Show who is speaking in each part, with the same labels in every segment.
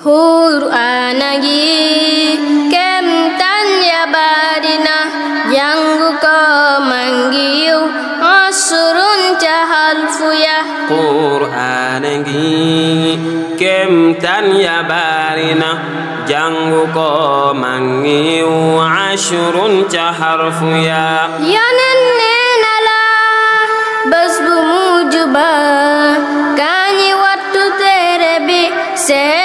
Speaker 1: hur anagi kem tanya ya barina janggu ko manggiu asurun cahal fuya
Speaker 2: anagi kem tanya ya barina janggu ko manggiu asurun cahar fuya ya nene
Speaker 1: basbu bas bumujuba kanyi watu terebi se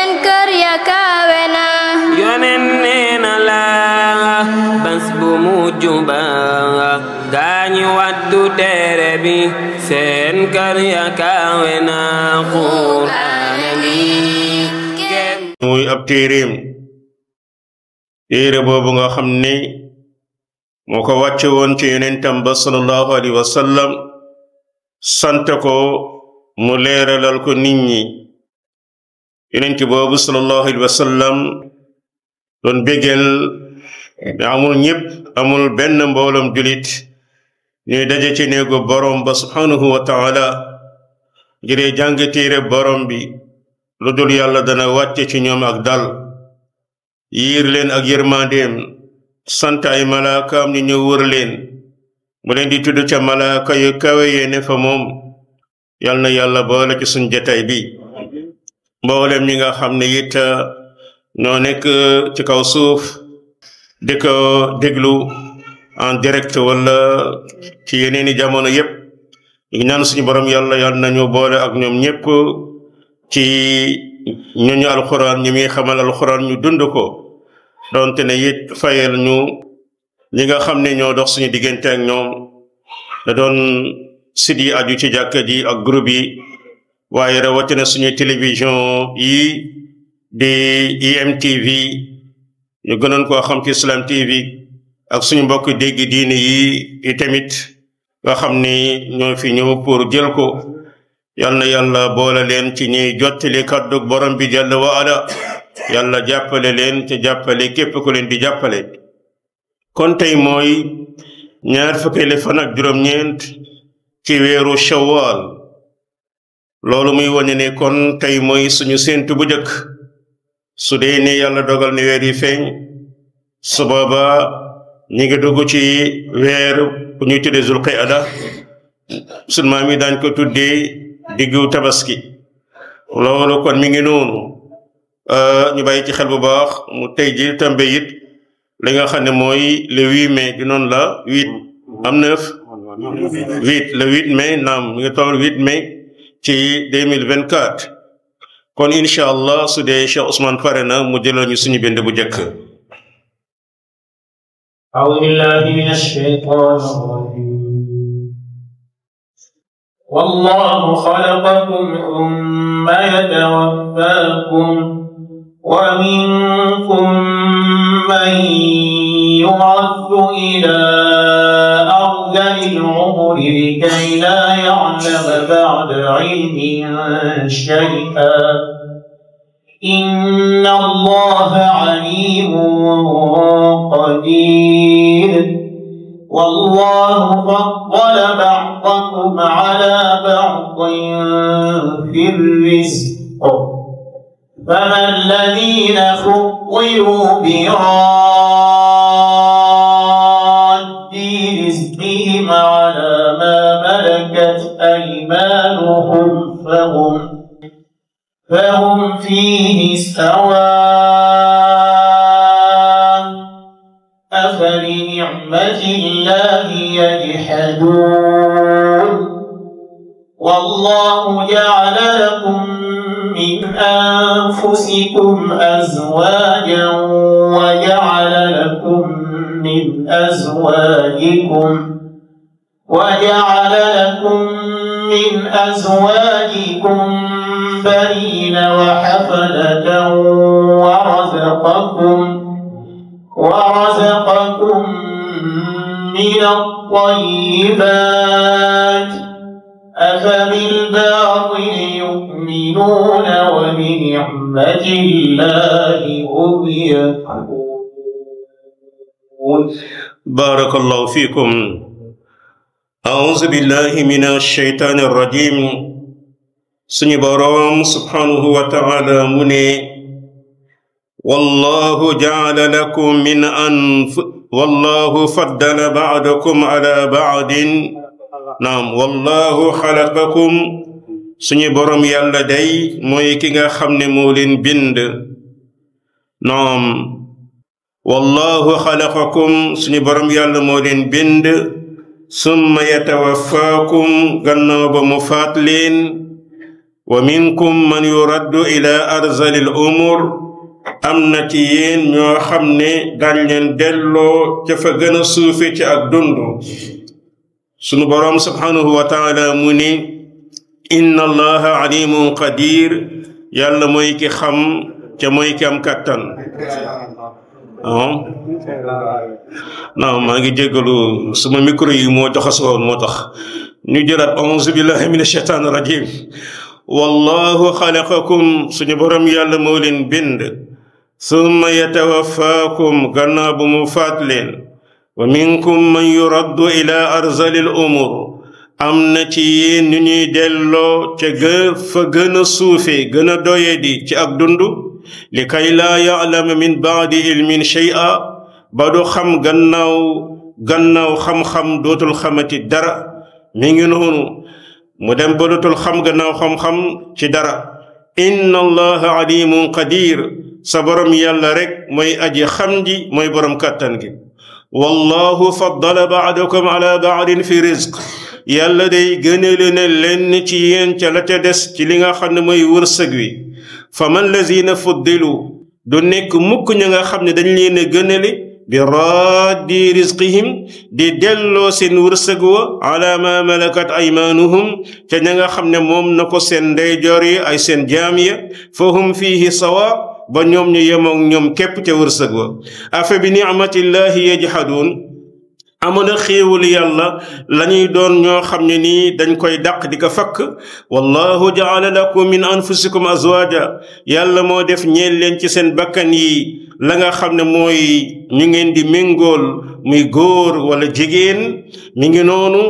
Speaker 2: téere bi seen kër ya kaawe na Qur'aana bi muy ab téereem téere boobu nga xam ni mu ko wàcce woon ci yonentam ba sallallahu alayhi wa sallam sant ko mu lal ko nit ñi yonent boobu sallallahu alayhi wa sallam doon béggeel amul ñëpp amul benn mboolom julit ni dajecinego boromba subhanahu wa taala jire jangitire borombi ludul yalla dana wacce ci ñom ak dal yir len ak yermandem santa ay malaka am ñu ñu wër len mu len di tuddu ca malaka yu kawé yene fa mom yalna yalla boole ci sun jotay bi mbolem ñi nga xamne yit no nek ci kaw suuf diko deglu en direct wala ci yeneen i jamono yëpp ñu ngi ñaan suñu borom yàlla yàlla nañu boole ak ñoom ñëpp ci ñooñu alxuraan ñi muy xamal alxuraan ñu dund ko donte ne it fayal ñu ñi nga xam ne ñoo dox suñu diggante ak ñoom da doon sit yi aju ci jàkka yi ak groupe yi waaye rawatina suñu télévision yi di IMTV ñu gënoon ko xam ci Islam TV ak suñu mbokk dégg diine yi i tamit nga xam ni ñoo fi ñëw pour jël ko yalna yalla boole leen ci ñi jottali kaddu borom bi jell wa ala yalla jàppale leen ci jàppale képp ko leen di jàppale kon tey mooy ñaar fukkeli fan ak juróom ñeent ci weeru shawwal loolu muy wone ne kon tey mooy suñu séntu bu jëkk su dee ne yàlla dogal ni weer yi feeñ su boobaa ñi ngi dugg ci weer bu ñuy tuddee zul qiyada suñ yi daañ ko tuddee diggu tabaski loolu kon mi ngi noonu euh, ñu bay ci xel bu baax mu tey ji tambe li nga xam ne mooy le huit mais di noonu la huit am huit le huit mai naam mi ngi toll huit mais ci deux mille vingt quatre kon incha allah su dee Cheikh pare na mu jëlal suñu bind bu njëkk
Speaker 1: أعوذ بالله من الشيطان الرجيم والله خلقكم ثم يتوفاكم ومنكم من يرد إلى أرض العمر لكي لا يعلم بعد علم شيئا إن الله عليم والله فضل بعضكم على بعض في الرزق فما الذين فضلوا براد رزقهم على ما ملكت أيمانهم فهم فهم فيه سواء تهتدون والله جعل لكم من أنفسكم أزواجا وجعل لكم من أزواجكم وجعل لكم من أزواجكم بنين وحفلة ورزقكم ورزقكم من الطيب الطيبات أفبالباطل يؤمنون وبنعمة الله هم يكفرون
Speaker 2: بارك الله فيكم أعوذ بالله من الشيطان الرجيم سني boroom subhanahu wa ta'ala mu ne wallahu ja'ala lakum والله فضل بعضكم على بعض naam wallahu xalaqakum suñu borom yàlla day mooy ki nga xam ne moo leen bind naam wallahu xalaqakum suñu borom yàlla moo leen bind summa yatawaffaakum gannaaw ba mu faat leen wa minkum man yuraddu ila arzali al umur amna ci yéen ñoo xam ne daañ leen delloo ca fa gën a suufe ci ak dund sunu borom subhanahu wa taala mu ni inna allaha alimun qadir yàlla mooy ki xam ca mooy ki am kàttan non maa ngi jéggalu suma micro yi moo joxasoon moo tax ñu jëlaat auzu billahi min asheytaan rajim wallahu xalaqakum suñu borom yàlla moo leen bind ثم يتوفاكم كناب مفاتل ومنكم من يرد إلى أرزل الأمور أم نتي نني دلو تغ فغن صوفي غن دويدي تأك دندو لكي لا يعلم من بعد علم شيئا بدو خم غناو غناو خم خم دوت الخمة الدرا من ينهون مدن بدوت الخم غناو خم خم تدرا إن الله عليم قدير sa borom yàlla rek mooy aji xam ji mooy borom kàttan gi wallahu faddala baadakum ala baadin fi rizq yàlla day gënale na lenn ci yéen ca la ca des ci li nga xam ne mooy wërsëg wi fa man lazina du nekk mukk ña nga xam dañ leen a bi raddi risqihim di delloo seen wërsëg wa ala ma malakat aymanuhum ca ña nga xam ne moom na ko seen ay seen jaam ya fihi hum sawa ba ñoom ñu yemoog ñoom képp ca wërsëg wa afa bi ni'matillahi yajhadun amoon na xéewalu yàlla la ñuy doon ñoo xam ne nii dañ koy dàq di ko fakk wallahu jaala lakum min anfusikum azwaja yàlla moo def ñeel leen ci seen bakkan yi la nga xam ne mooy ñu ngeen di méngool muy góor wala jigéen mi ngi noonu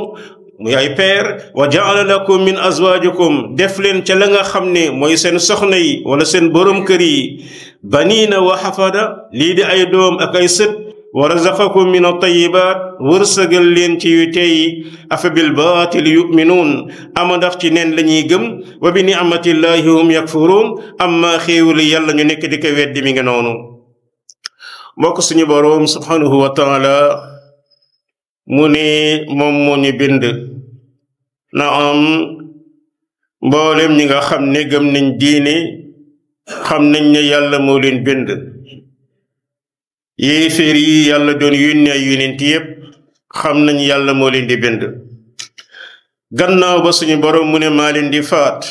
Speaker 2: yaay père wa jaala lakum min azwaajikum def leen ca la nga xam ne mooy seen soxna yi wala seen borom kër yi baniina wa xafada lii di ay doom ak ay sët wa razaqakum min at-tayyibaat wërsëgal leen ci yu tey afa bil baatili yuminuun ama ndax ci neen la gëm wa bi nicmatillahi hum yakfuruun amma xéewali yàlla ñu nekk di ko weddi mi ngi noonu mbokk suñu boroom subhanahu wa taala mu ne moom moo ñu bind na am mboolem ñi nga xam ne gëm nañ diine xam nañ ne yàlla moo leen bind yéeféer yi yàlla doon yónni ay yonent yépp xam nañ yàlla moo leen di bind gannaaw ba suñu boroom mu ne maa leen di faat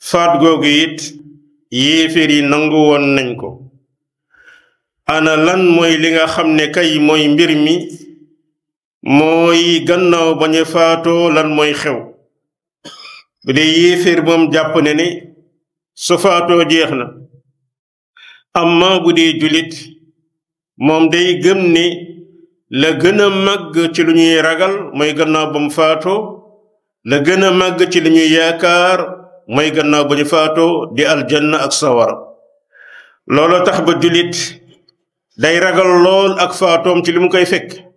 Speaker 2: faat googu it yéeféer yi nangu woon nañ ko ana lan mooy li nga xam ne kay mooy mbir mi mooy gannaaw ba ñu faatoo lan mooy xew bu dee yéeféer moom jàpp ne ne su faatoo jeex na amma bu dee jullit moom day gëm ne la gën a màgg ci lu ñuy ragal mooy gannaaw bam faatoo la gën a màgg ci lu ñuy yaakaar mooy gannaaw ba ñu faatoo di aljanna ak sawara looloo tax ba jullit day ragal lool ak faatoom ci li mu koy fekk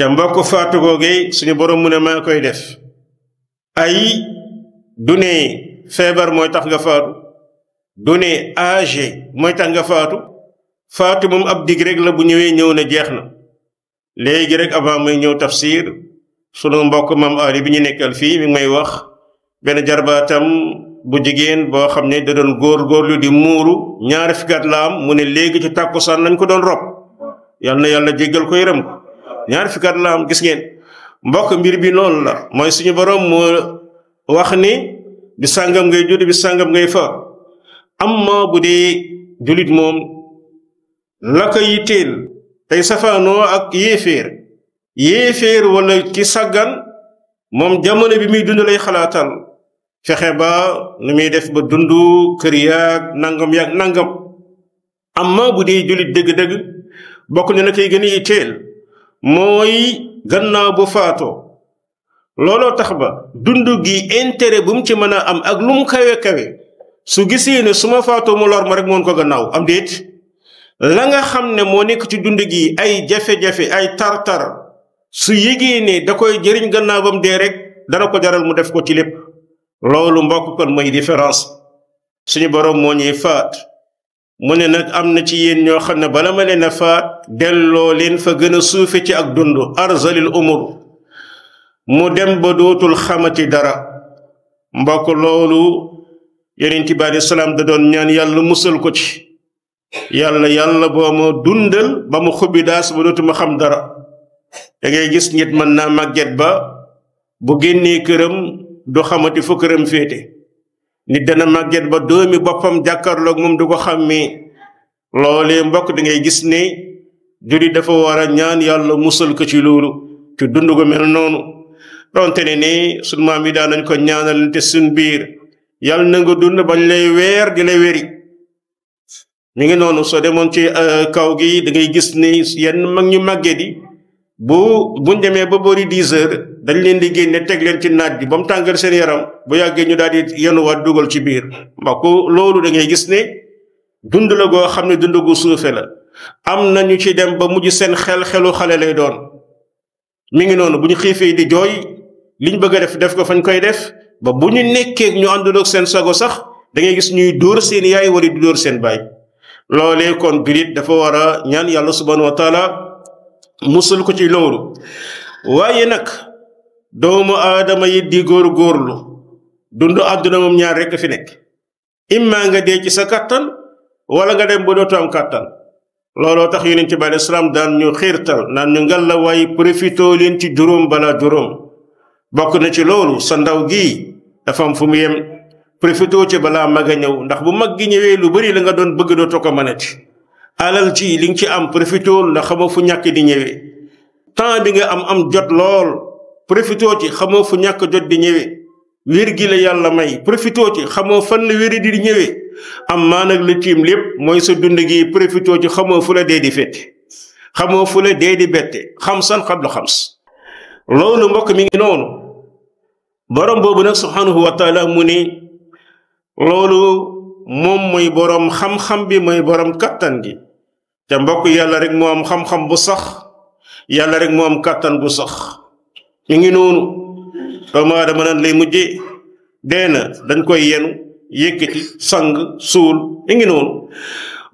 Speaker 2: ca mbokk faatu googee suñu borom mu ne maa koy def ay du ne feebar mooy tax nga faatu du ne âge mooy tax nga faatu faatu moom ab dig rek la bu ñëwee ñëw na jeex na léegi rek avant may ñëw tafsir sunu mbokk maam Ali bi ñu nekkal fii mi may wax benn jarbaatam bu jigéen boo xam ne da doon góor-góorlu di muuru ñaari fukki la am mu ne léegi ci tàkkusaan lañ ko doon rob yal yàlla jéggal ko yërëm ñaar fukki at la am gis ngeen mbokk mbir bi noonu la mooy suñu borom moo wax ni bi sàngam ngay judd bi sàngam ngay fa amma bu dee jullit moom la ko yitteel tey safaanoo ak yéeféer yéeféer wala ki sàggan moom jamono bi muy dund lay xalaatal fexe ba nu muy def ba dund kër yaag nangam yaag nangam amma bu dee jullit dëgg-dëgg bokk na la koy gën a yitteel mooy gannaaw bu faatoo looloo tax ba dund gi intérêt bu mu ci mën a am ak lum mu kawe su gisee ne su ma faatoo mu lorma ma rek moon ko gannaaw am déet la nga xam ne moo nekk ci dund gi ay jafe-jafe ay tar-tar su yégee ne da koy jëriñ gannaaw ba mu dee rek dana ko jaral mu def ko ci lépp loolu mbokk kon mooy différence suñu boroom moo ñuy faat mu ne nag am na ci yéen ñoo xam ne bala ma leen a faat delloo leen fa gën a suufe ci ak dund arzalil umur mu dem ba dootul xamati dara mbokk loolu yonent bi alei salaam da doon ñaan yàlla musal ko ci yàlla yàlla boo ma dundal ba mu xubbi daas ba dootuma xam dara da ngay gis ngit mën naa màgget ba bu génnee këram du xamati fu këram féete nit dana màgget ba doomi boppam jàkkaarloog moom du ko xàmmi loole mbokk dangay gis ne jullit dafa war a ñaan yàlla musal ko ci loolu ci dund gu mel noonu donte ne ni sunu maam yi daan nañ ko ñaanal te suñ biir yàlla na nga dund bañ lay weer di lay weri mi ngi noonu soo demoon ci euh, kaw gi dangay gis ni yenn mag ñu màgget yi bu buñ demee ba boori dix heures dañ leen di génne teg leen ci naaj bi ba mu tàngal seen yaram bu yàggee ñu daal di yenuwaat dugal ci biir mbokk loolu da ngay gis ne dund la goo xam ne dund gu suufe la am na ñu ci dem ba mujj seen xel xelu xale lay doon mu ngi noonu bu ñu xiifee di jooy liñ bëgg a def def ko fañ koy def ba bu ñu nekkee ñu àndul seen sago sax da gis ñuy dóor seen yaay wala di dóor seen baay loolee kon birit dafa war a yàlla subhanahu musal ko ci loolu waaye nag doomu aadama yi di góor-góorlu dund àdduna moom ñaar rek fi nekk imma nga dee ci sa kàttan wala nga dem ba dootu am kàttan looloo tax yu yonent ci aleyhi salaam daan ñu xiirtal naan ñu ngal la waaye profitoo leen ci juróom balaa juróom bokk na ci loolu sa ndaw gi dafam fu mu yem profitoo ci balaa mag a ñëw ndax bu mag gi ñëwee lu bari la nga doon bëgg dootoo ko mënati alal ci li nga ci am profitool ndax xamoo fu ñàkk di ñëwee temps bi nga am am jot lool profitoo ci xamoo fu ñàkk jot di ñëwee wér gi la yàlla may profitoo ci xamoo fan la wéri di ñëwee am maa nag la tiim lépp mooy sa dund gi profitoo ci xamoo fu la dee di fette xamoo fu la dee di bette xamsan xabla xams loolu mbokk mi ngi noonu borom boobu nag subhanahu wa taala mu ni loolu moom mooy boroom xam-xam bi mooy borom kattan gi te mbokk yàlla rek moo am xam-xam bu sax yàlla rek moo am kàttan bu sax ñu ngi noonu doomu aadama nan lay mujjee dee na dañ koy yenu yëkkati sang suul ñu ngi noonu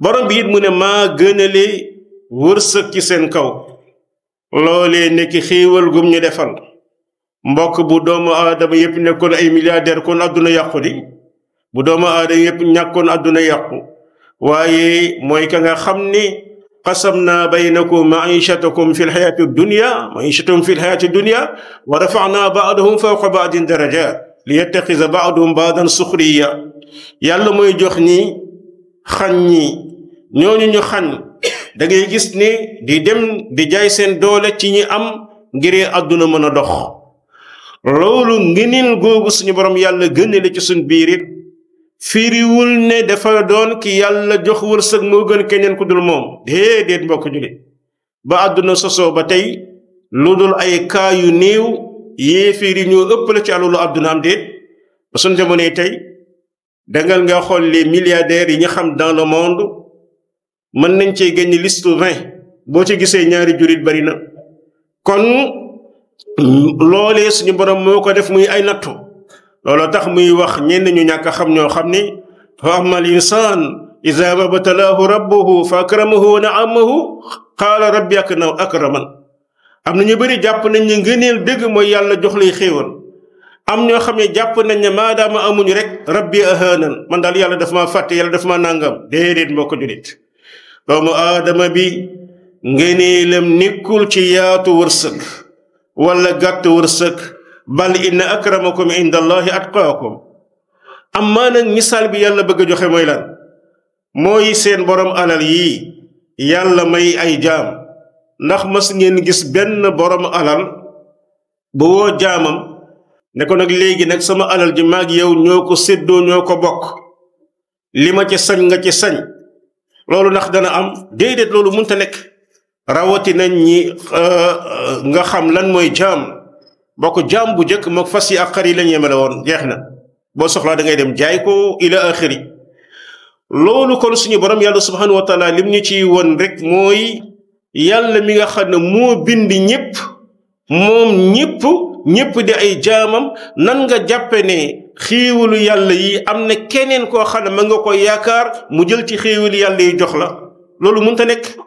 Speaker 2: borom bi yit mu ne maa gënale wërsëg ci seen kaw loolee nekk xiiwal gum ñu defal mbokk bu doomu aadama yëpp nekkoon ay milliardaire kon adduna yàqu di bu doomu aadama yëpp ñàkkoon àdduna yàqu waaye mooy ka nga xam ne qasamna baynakum ma'ishatakum fi lxayaati dunya ma'ishatakum fi lxayaati dunya wa rafa'na ba'dahum fawqa ba'din darajat liyattakhidha ba'dahum ba'dan sukhriya yàlla mooy jox ñi xañ ñi ñooñu ñu xañ da ngay gis ne di dem di jaay seen doole ci ñi am ngir àdduna mën a dox loolu ngëneel googu suñu borom yàlla gënale ci suñ biir it firiwul ne dafa doon ki yàlla jox wërsëg moo gën keneen ku dul moom déedéet mbokk jullit ba àdduna sosoo ba tey lu dul ay kaa yu néew yéeféer yi ñoo ëppale ci alalu àdduna am déet ba suñ jamonoy tey dangal nga xool les milliardaires yi ñu xam dans le monde mën nañ cee génn listu vingt boo ci gisee ñaari jurit bari na kon loolee suñu borom moo ko def muy ay nattu looloo tax muy wax ñenn ñu ñàkk a xam ñoo xam ni fa ama al insaan ida mabtalaahu rabbuhu fa akramahu wa naamahu qaala rabbi ak na akraman am na ñu bëri jàpp nañ ne ngëneel dëgg mooy yàlla jox lay xéewal am ñoo xam ne jàpp nañ ne maadaama amuñu rek rabbi ahaanan man daal yàlla dafa ma fàtte yàlla dafa ma nàngam déedéet moo ko julit doomu aadama bi ngëneelam nekkul ci yaatu wërsëg wala gàtt wërsëg bal inna akramakum inda allahi atqaakum amma nag misaal bi yàlla bëgg a joxe mooy lan mooy seen borom alal yii yàlla may ay jaam ndax mas ngeen gis benn boroomu alal bu woo jaamam ne ko nag léegi nag sama alal ji maag yow ñoo ko séddoo ñoo ko bokk li ma ci sañ nga ci sañ loolu ndax dana am déedéet loolu mënta nekk rawati rawatina ñi euh, euh, nga xam lan mooy jaam boko jam bu jek mok fas yi lañ yemel won jeexna bo soxla da ngay dem jaay ko ila akhiri loolu kon suñu borom yalla subhanahu wa taala lim ñu ci won rek moy yalla mi nga xamne ne bind ñepp mom ñepp ñepp di ay jaamam nan nga jappé ne xiiwalu yalla yi am keneen ko xamne ma nga ko yakar mu jël ci xiiwalu yalla yi jox la mu munta nek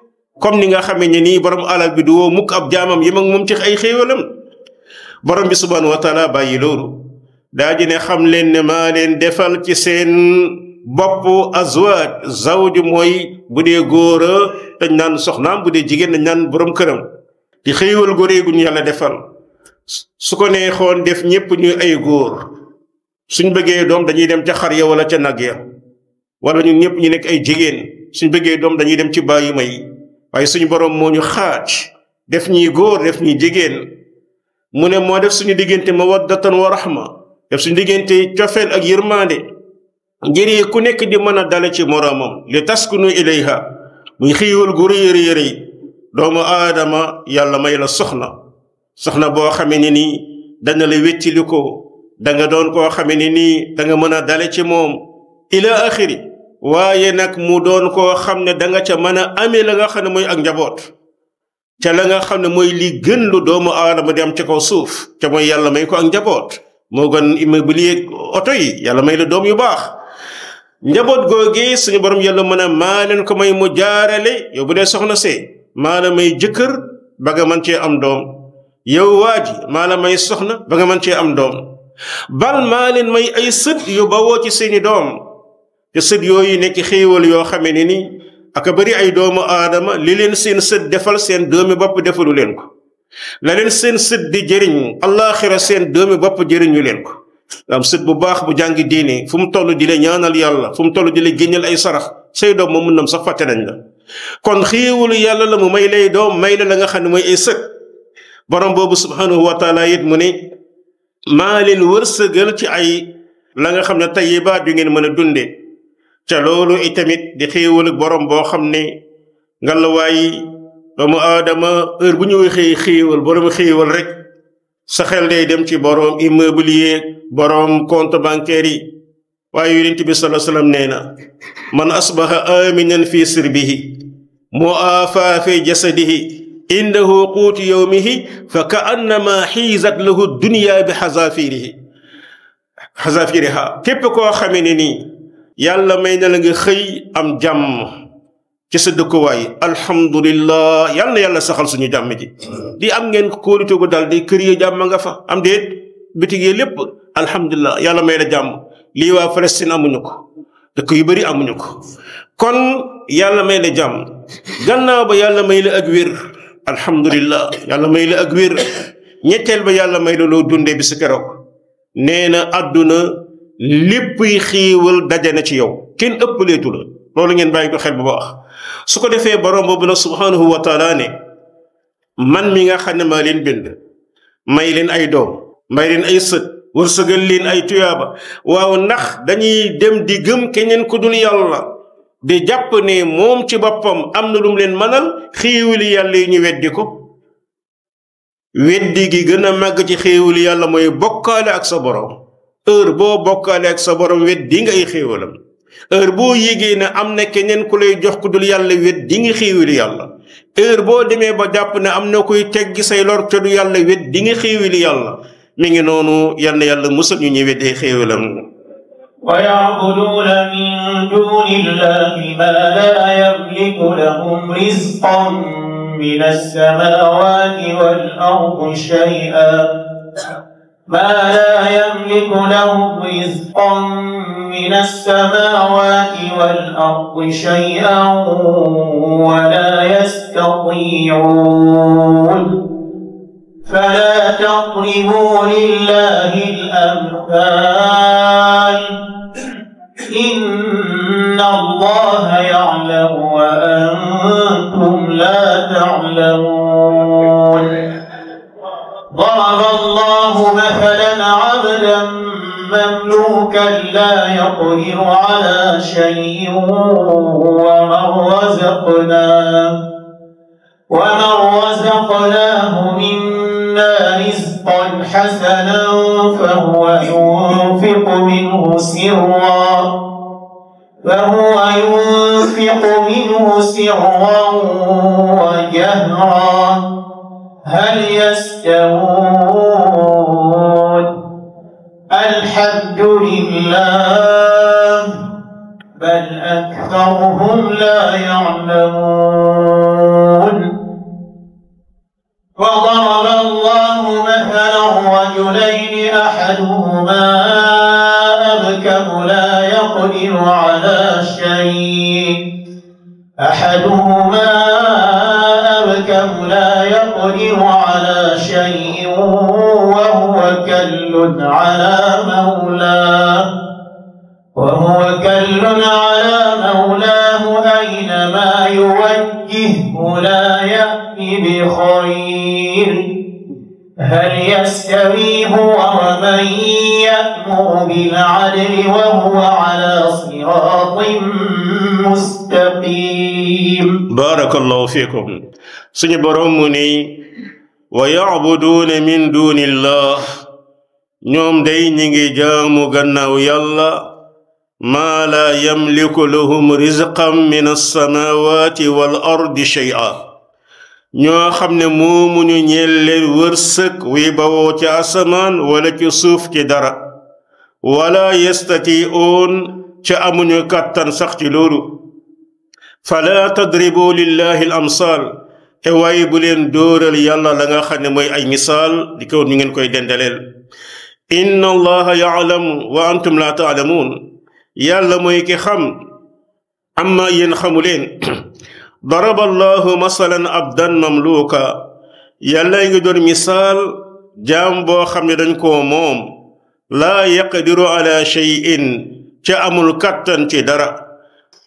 Speaker 2: comme ni nga ni borom alal bi do mukk ab jaamam yi mak mom ci ay borom bi subhaanahu wa taala bàyyi loolu daa ji ne xam leen ne maa leen defal ci seen bopp azwaaj zawju mooy bu dee góor a dañ naan soxnaam bu dee jigéen dañ naan boroom këram di xéewal gu rëy ñu yàlla defal su ko neexoon def ñépp ñu ay góor suñ bëggee doom dañuy dem ca xar ya wala ca nag ya wala ñu ñëpp ñu nekk ay jigéen suñ bëggee doom dañuy dem ci bàyyi ma yi waaye suñu borom moo ñu xaaj def ñuy góor def ñuy jigéen mu ne moo def suñu diggante mawaddatan wa rahma def suñu diggante cofeel ak yërmande ngir yi ku nekk di mën a dale ci moroomam li taskunu ilayha muy xiiwal gu rëy rëy doomu aadama yàlla may la soxna soxna boo xame ni nii dana la wéttili ko doon koo xamee ni nii da nga mën a dale ci moom ila axiri waaye nag mu doon koo xam ne da nga ca mën a amee la nga xam ne mooy ak njaboot ca la nga xam ne mooy lii gën lu doomu aadama di am ca kaw suuf ca mooy yàlla may ko ak njaboot moo gën immobilier oto yi yàlla may la doom yu baax njaboot googe suñu boroom yàlla mën a maa leen ko may mu jaarale yow bu dee soxna se maa la may jëkkër ba nga mën cee am doom yow waa ji maa la may soxna ba nga mën cee am doom bal maa leen may ay sët yu bawoo ci seeni doom te sët yooyu nekk xéewal yoo xamee ne ni aka bari ay doomu aadama li leen seen sët defal seen doomi bopp defalu leen ko la seen sët di jëriñ allaaxira seen doomi bopp jëriñu leen ko am sët bu baax bu jàngi diine fu mu toll di la ñaanal yàlla fu mu toll di la génneel ay sarax say doom moom mun nam sax fàtte nañ la kon xéewalu yàlla la mu may lay doom may la la nga xam ne mooy ay sët borom boobu subhaanahu wa taala it mu ne maa leen wërsëgal ci ay la nga xam ne tayibaat yu ngeen mën a dundee ca loolu itamit di xéewal ak borom boo xam ne ngalawaay doomu aadama heure bu ñu waxee xéewal borom xéewal rek sa xel day dem ci borom immobilier borom compte bancaire yi waaye yonent bi sala sallam nee na man asbaha aminan fi sirbihi muafa fi jasadihi عنده قوت يومه فكأنما حيزت له الدنيا بحذافيره حذافيرها كيف كو خميني yàlla may na la nga xëy am jàmm ci sa dëkkuwaay alhamdulillah yàlla na yàlla saxal suñu jàmm ji di am ngeen kóolite gu dal di kër ya jàmm nga fa am déet bitig yee lépp alhamdulillah yàlla may na jàmm lii waa Palestine amuñu ko dëkk yu bëri amuñu ko kon yàlla may la jàmm gannaaw ba yàlla may la ak wér alhamdulillah yàlla may la ak wér ñetteel ba yàlla may la loo dundee bi sa keroog nee na àdduna lépp yi xéewal daje na ci yow kenn ëppaleetu la loolu ngeen bàyyi ko xel bu baax su ko defee borom boobu nag subhaanahu wa ne man mi nga xam ne maa leen bind may leen ay doom may leen ay sët wërsëgal leen ay tuyaaba waaw ndax dañuy dem di gëm keneen ku dul yàlla di jàpp ne moom ci boppam am na lum leen mënal xéewali yàlla yi ñu weddi ko weddi gi gën a màgg ci xéewali yàlla mooy bokkaale ak sa borom heure boo bokkaaleeg sa borom wet di nga ay boo yégee ne am na keneen ku lay jox ku dul yàlla wet di nga yàlla heure boo demee ba jàpp ne am na kuy teggi say lor te du yàlla wet di nga yàlla mi ngi noonu yal na yàlla musal ñu ñëwee ay xéewalam
Speaker 1: ويعبدون من دون الله ما لا يملك لهم رزقا من السماوات والأرض شيئا ما لا يملك له رزقا من السماوات والأرض شيئا ولا يستطيعون فلا تقربوا لله الأمثال إن الله لا يقدر على شيء ومن رزقناه ومن رزقناه منا رزقا حسنا فهو ينفق منه سرا فهو ينفق منه سرا أكثرهم لا يعلمون يستجيبوا ومن يأمر بالعدل وهو على صراط مستقيم
Speaker 2: بارك الله فيكم سني بروموني ويعبدون من دون الله نوم داي نيغي جامو غناو ما لا يملك لهم رزقا من السماوات والارض شيئا ñoo xam ne moomuñu ñeel leen wërsëg wi bawoo ci asamaan wala ci suuf ci dara wala yastatiuun ca amuñu kàttan sax ci loolu fala tadribu lillahi al amsal te waaye bu leen dóoral yàlla la nga xam ne mooy ay misaal di ko ñu ngeen koy dendeleel inna allaha yaalamu wa antum la taalamuun yàlla mooy ki xam amma yéen xamuleen daraba allahu masalan abdan mamluuka yàlla ngi doon misaal jaam boo xam ne dañ koo moom laa yaqdiru ala shay'in ca amul kattan ci dara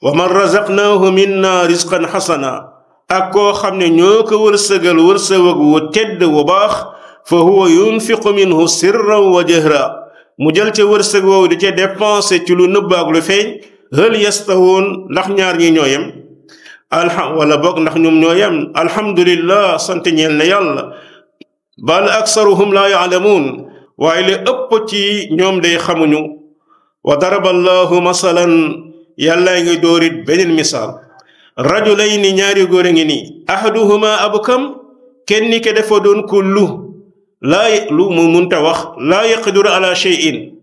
Speaker 2: wa man razaqnaahu minna rizqan xasana ak koo xam ne ñoo ko wërsëgal wërsëwëg wu tedd wu baax fa huwa yunfiqu minhu sirran wa jahra mu jël ca wërsëg di ca dépensé ci lu nëbb ak lu feeñ hal yastawuun ndax ñaar ñi ñooyem alham wala boog ndax ñoom ñoo yem alhamdulillah sant ñeel na yàlla bal aksaruhum laa yaalamuun waaye li ëpp ci ñoom day xamuñu wa daraba allahu masalan yàllaa ngi dóorit beneen misaal rajulayni ñaari góor a ngi nii ahaduhuma abkam kenn ke dafa doon ko lu lu mu munta wax laa yaqdiru ala cheyin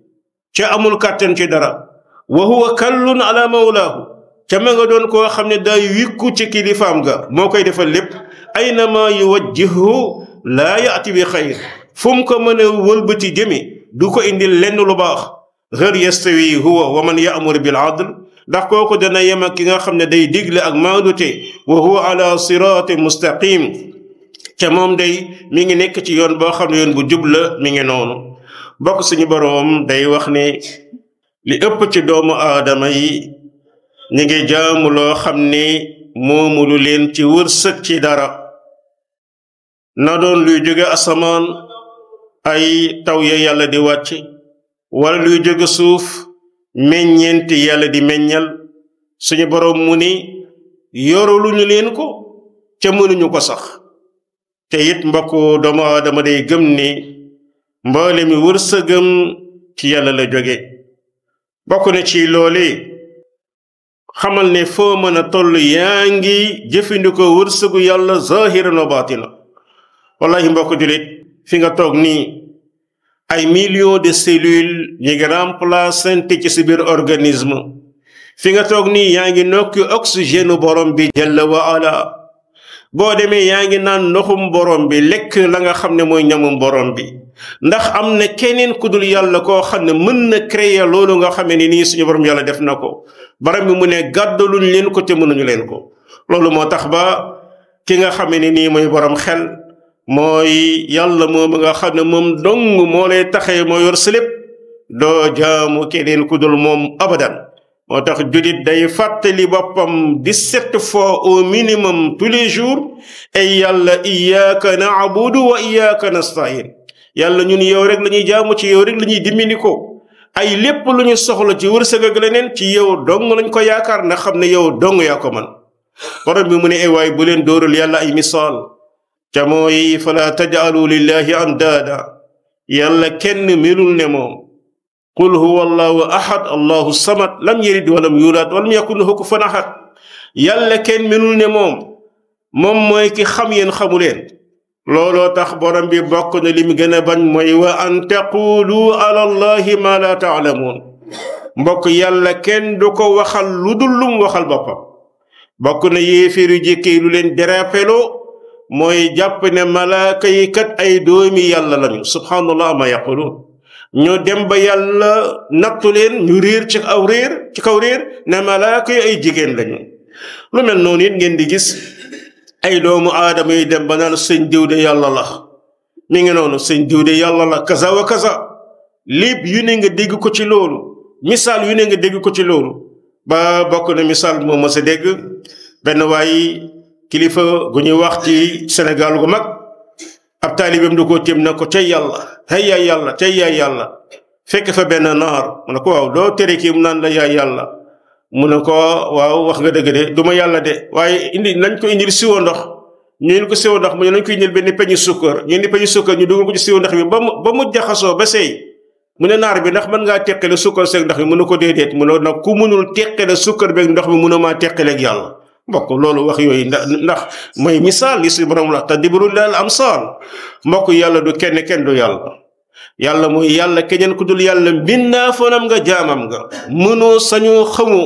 Speaker 2: ca amul kàttan ci dara wa huwa kallun ala mawlaahu ca ma nga doon koo xam ne day wikku ci kilifaam ga moo koy defal lépp aynama yuwajjihu laa yaati bi xayr fu mu ko mën a wëlbati jëme du ko indil lenn lu baax xër yastawi huwa wa man yaamur bil adl ndax kooku dana yem ak ki nga xam ne day digle ak maandute wa huwa ala sirati mustaqim ca moom day mi ngi nekk ci yoon boo xam ne yoon bu jubla la mi ngi noonu bokk suñu boroom day wax ne li ëpp ci doomu aadama yi ñi ngi jaam loo xam ni moomulu leen ci wërsëg ci dara na doon luy jóge asamaan ay taw ya yàlla di wàcc wala luy jóge suuf meññeenti yàlla di meññal suñu borom mu ni yoroluñu leen ko ca mënuñu ko sax te it mbokku doomu aadama day gëm ni mboolemi wërsëgam ci yàlla la jóge bokk na ci loolee xamal ne foo mën a toll yaa ngi jëfandikoo wërsëgu yàlla zahiran wa baatina wallahi mbokk julit fi nga toog nii ay millions de cellules ñu ngi remplacé ci si biir organisme fi nga toog nii yaa ngi nokki oxygène borom bi jalla wa ala boo demee yaa ngi naan ndoxum borom bi lekk la nga xam ne mooy ñamum borom bi ndax am na keneen ku dul yàlla koo xam ne mën na créer loolu nga xam ne nii suñu borom yàlla def na ko borom bi mu ne gàddaluñ leen ko te mënuñu leen ko loolu moo tax ba ki nga xam ne nii mooy borom xel mooy yàlla moom nga xam ne moom dong moo lay taxee moo yor si lépp doo jaamu keneen ku dul moom abadan motax julit day fàttali boppam di sept fois au minimum tous les jours ay yàlla iyaaka naabudu wa iyaaka nastain yàlla ñun yow rek la ñuy jaamu ci yow rek la ñuy dimmindikoo ay lépp lu ñu soxla ci wërsëg ak leneen ci yow dong lañ ko yaakaar na xam ne yow dong yaa ko man borom bi mu ne ay waay bu leen dóoral yàlla ay misaal ca mooy fala tajalu lillahi andaada yàlla kenn melul ne moom قل هو الله أحد الله الصمد لم يلد ولم يولد ولم يكن له كفوا أحد يالا كين منول ني موم موم موي كي خام يين خامولين لولو تخ بروم بي بوك نا ليم گنا باج موي وان تقولوا على الله ما لا تعلمون mbokk yàlla kenn du ko waxal lu dul lum waxal boppam bokk na yéeféeru jékkee lu leen dérapeloo mooy jàpp ne malaaka yi kat ay doomi yàlla lañu subhanallah ma yaquluun ñoo dem ba yàlla nattu leen ñu réer ci aw réer ci kaw réer ne malaaka yi ay jigéen lañu lu mel noonu it ngeen di gis ay doomu aadama yi dem ba naan sëñ diw de yàlla la mi ngi noonu sëñ diw de yàlla la kaza wa kaza lépp yu ne nga dégg ko ci loolu misaal yu ne nga dégg ko ci loolu ba bokk na misaal moo ma sa dégg benn waay kilifa gu ñuy wax ci Sénégal gu mag ab taalibeem da koo téem na ko ca yàlla hey yaay yàlla cay yaay yàlla fekk fa benn naar mu ne ko waaw doo tere kii mu naan la yaay yàlla mu ne ko waaw wax nga dëgg de du ma yàlla de waaye indi nañ ko indil siwo ndox ñu indi ko siwo ndox ne nañ ko indil benn peñu sukkar ñu indi peñu sukkar ñu dugal ko ci siwo ndox ba mu ba mu jaxasoo ba seey mu ne naar bi ndax mën ngaa teqale sukkar seeg ndox bi mu ne ko déedéet mu ne nag ku mënul teqale sukkar beeg ndox mu bi mënumaa teqaleeg yàlla mbokk loolu wax yooyu ndax ndax mooy misaal li si borom la tadbirul lil amsal mbokk yàlla du kenn kenn du yàlla yàlla mooy yàlla keneen ku dul yàlla mbindaafoonam nga jaamam nga mënoo sañoo xamu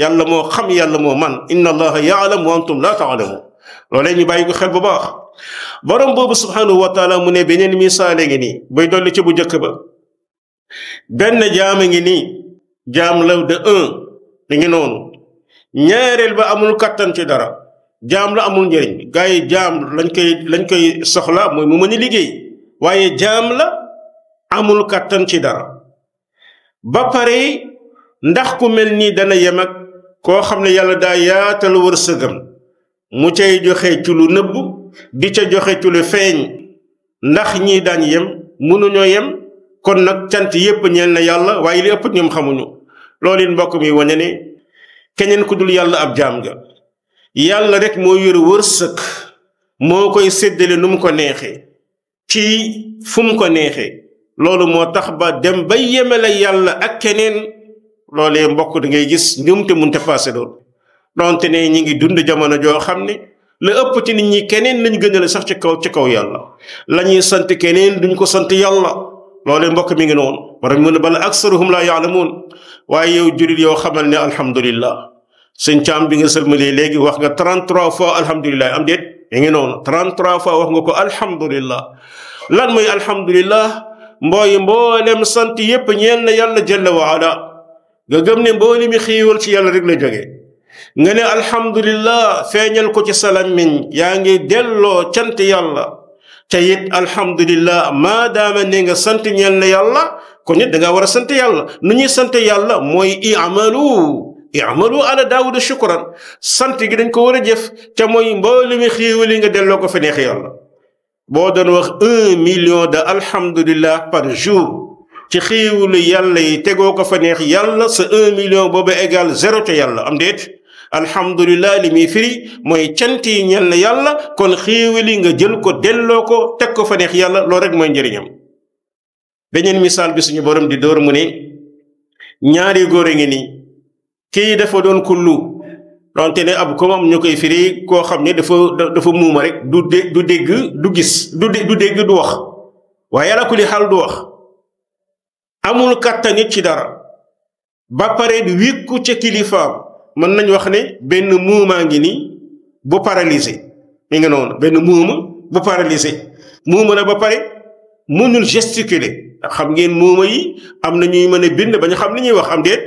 Speaker 2: yàlla moo xam yàlla moo man inna allaha yaalam wa antum laa taalamu loolee ñu bàyyi ko xel bu baax borom boobu subhanahu wa taala mu ne beneen misaale ngi nii bay dolli ci bu njëkk ba benn jaama ngi nii jaam la de un li noonu ñaareel ba amul kàttan ci dara jaam la amul njëriñ bi gars jaam lañ koy lañ koy soxla mooy mu mën a liggéey waaye jaam la amul kàttan ci dara ba pare ndax ku mel nii dana yem ak koo xam ne yàlla daa yaatal wërsëgam mu cay joxe ci lu nëbb di ca joxe ci lu feeñ ndax ñii daañ yem mënuñoo yem kon nag cant yépp ñeel na yàlla waaye li ëpp ñoom xamuñu loolu mbokk mi wane ne keneen ku dul yàlla ab jaam nga yàlla rek moo yor wërsëg moo koy séddale nu mu ko neexee ci fu ko neexee loolu moo tax ba dem ba yemale yàlla ak keneen loolee mbokk da ngay gis mun munte passé doon donte ne ñi ngi dund jamono joo xam ne la ëpp ci nit ñi keneen lañ gënale sax ci kaw ci kaw yàlla la ñuy sant keneen duñ ko sant yàlla loolee mbokk mi ngi noonu waram mën bala aksaruhum laa yaalamuun waaye yow jurit yow xamal ne alhamdulillah sëñ caam bi nga sëlmalee léegi wax nga 33 fois alhamdulilah am déet yaa ngi noonu 33 fois wax nga ko alhamdulillah lan mooy alhamdulillah mbooy mboolem sant yépp ñeel na yàlla jalla waala nga gëm ne mboole mi xiiwal ci yàlla rek la jóge nga ne alhamdulillah feeñal ko ci salamiñ yaa ngi delloo cant yàlla te it alhamdulillah maadaama ne nga sant ñeel na yàlla kon nit da ngaa war a sant yàlla nu ñuy sante yàlla mooy i'malu i'malu ala daawuda shukran sant gi dañ ko war a jef ca mooy mboolemi xéewal nga delloo ko fa neex yàlla boo doon wax un million de alhamdulillah par jour ci xéewalu yàlla yi tegoo ko fa neex yàlla sa un million boobu égal zéro te yàlla am déet alhamdulillah li muy firi mooy cant yi ñel na yàlla kon xéewali nga jël ko delloo ko teg ko fa neex yàlla loolu rek mooy njëriñam benen misal bi suñu borom di door mu ne ñaari góor ngi ni kii dafa doon kullu donte ne ab komam ñu koy firi koo xam ne dafa dafa muuma rek du du dégg du gis du du dégg du wax waaye kuli hal du wax amul kàttanit ci dara ba pare di wikku ca kilifaam mën nañ wax ne benn muuma ngi ni bu paralysé mi nga noonu benn muuma bu paralysé muuma na ba pare mënul gesticuler xam ngeen muuma yi am na ñuy mën a bind ba ñu xam li ñuy wax am déet